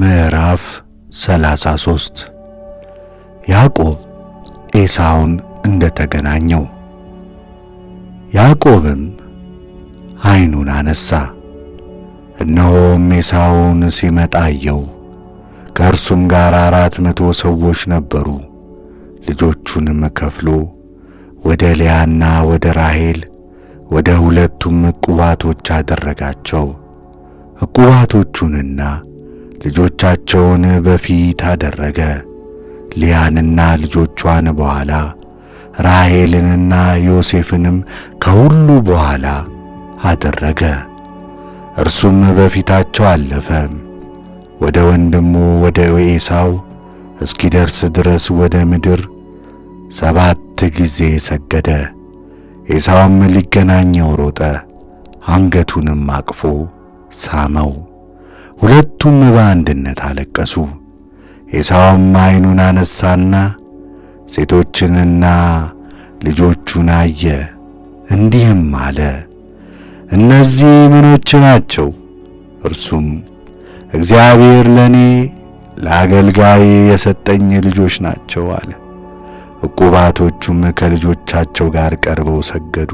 ምዕራፍ 33 ያዕቆብ ኤሳውን እንደተገናኘው። ያዕቆብም ዓይኑን አነሳ፣ እነሆም ኤሳውን ሲመጣ አየው። ከእርሱም ጋር አራት መቶ ሰዎች ነበሩ። ልጆቹንም ከፍሎ ወደ ሊያና ወደ ራሔል ወደ ሁለቱም ዕቁባቶች አደረጋቸው። ዕቁባቶቹንና ልጆቻቸውን በፊት አደረገ፣ ሊያንና ልጆቿን በኋላ፣ ራሔልንና ዮሴፍንም ከሁሉ በኋላ አደረገ። እርሱም በፊታቸው አለፈ፣ ወደ ወንድሙ ወደ ኤሳው እስኪደርስ ድረስ ወደ ምድር ሰባት ጊዜ ሰገደ። ኤሳውም ሊገናኘው ሮጠ፣ አንገቱንም አቅፎ ሳመው። ሁለቱም በአንድነት አለቀሱ። ኤሳውም ዓይኑን አነሳና ሴቶችንና ልጆቹን አየ፣ እንዲህም አለ፣ እነዚህ ምኖች ናቸው? እርሱም እግዚአብሔር ለእኔ ለአገልጋዬ የሰጠኝ ልጆች ናቸው አለ። ዕቁባቶቹም ከልጆቻቸው ጋር ቀርበው ሰገዱ።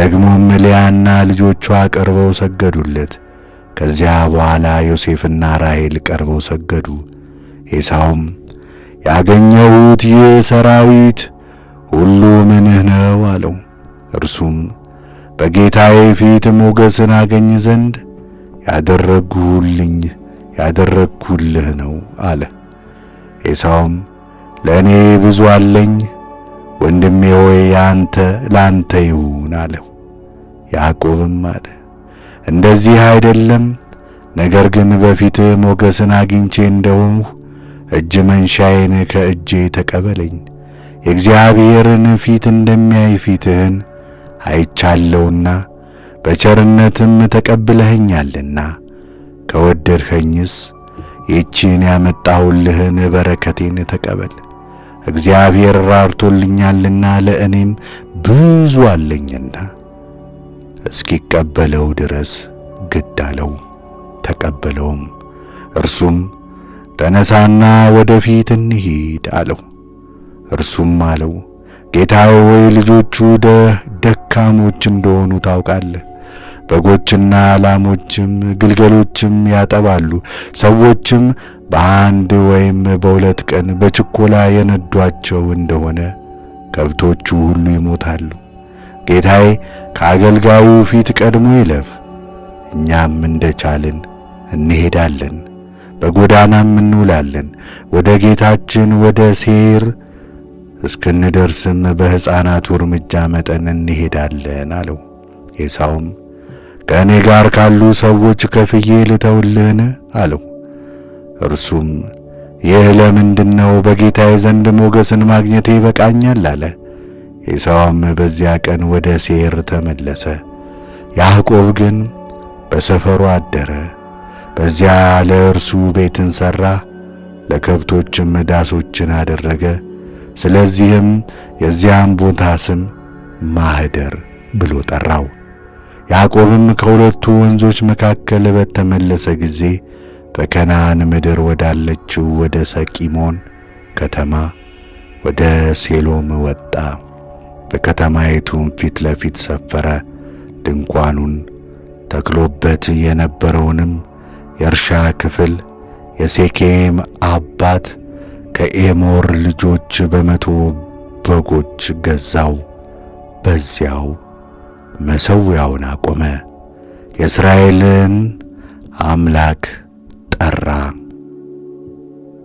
ደግሞም ልያና ልጆቿ ቀርበው ሰገዱለት። ከዚያ በኋላ ዮሴፍና ራሔል ቀርበው ሰገዱ። ኤሳውም ያገኘሁት ይህ ሰራዊት ሁሉ ምንህ ነው አለው። እርሱም በጌታዬ ፊት ሞገስን አገኝ ዘንድ ያደረግሁልኝ ያደረግሁልህ ነው አለ። ኤሳውም ለእኔ ብዙ አለኝ፣ ወንድሜ ሆይ ያንተ ላንተ ይሁን አለው። ያዕቆብም አለ እንደዚህ አይደለም። ነገር ግን በፊትህ ሞገስን አግኝቼ እንደሆንሁ እጅ መንሻዬን ከእጄ ተቀበለኝ። የእግዚአብሔርን ፊት እንደሚያይ ፊትህን አይቻለውና በቸርነትም ተቀብለኸኛልና ከወደድኸኝስ ይቺን ያመጣሁልህን በረከቴን ተቀበል። እግዚአብሔር ራርቶልኛልና ለእኔም ብዙ አለኝና እስኪቀበለው ድረስ ግድ አለው። ተቀበለውም። እርሱም ተነሳና ወደፊት እንሂድ አለው። እርሱም አለው ጌታ ወይ ልጆቹ ደካሞች እንደሆኑ ታውቃለህ። በጎችና ላሞችም ግልገሎችም ያጠባሉ። ሰዎችም በአንድ ወይም በሁለት ቀን በችኮላ የነዷቸው እንደሆነ ከብቶቹ ሁሉ ይሞታሉ። ጌታዬ ከአገልጋዩ ፊት ቀድሞ ይለፍ፣ እኛም እንደቻልን እንሄዳለን፣ በጎዳናም እንውላለን። ወደ ጌታችን ወደ ሴር እስክንደርስም በሕፃናቱ እርምጃ መጠን እንሄዳለን አለው። ኤሳውም ከእኔ ጋር ካሉ ሰዎች ከፍዬ ልተውልህን አለው። እርሱም ይህ ለምንድነው? በጌታዬ ዘንድ ሞገስን ማግኘቴ ይበቃኛል አለ። ኤሳውም በዚያ ቀን ወደ ሴር ተመለሰ። ያዕቆብ ግን በሰፈሩ አደረ። በዚያ ለእርሱ ቤትን ሠራ፣ ለከብቶችም ዳሶችን አደረገ። ስለዚህም የዚያም ቦታ ስም ማህደር ብሎ ጠራው። ያዕቆብም ከሁለቱ ወንዞች መካከል በተመለሰ ጊዜ በከናን ምድር ወዳለችው ወደ ሰቂሞን ከተማ ወደ ሴሎም ወጣ። በከተማይቱም ፊት ለፊት ሰፈረ። ድንኳኑን ተክሎበት የነበረውንም የእርሻ ክፍል የሴኬም አባት ከኤሞር ልጆች በመቶ በጎች ገዛው። በዚያው መሠዊያውን አቆመ። የእስራኤልን አምላክ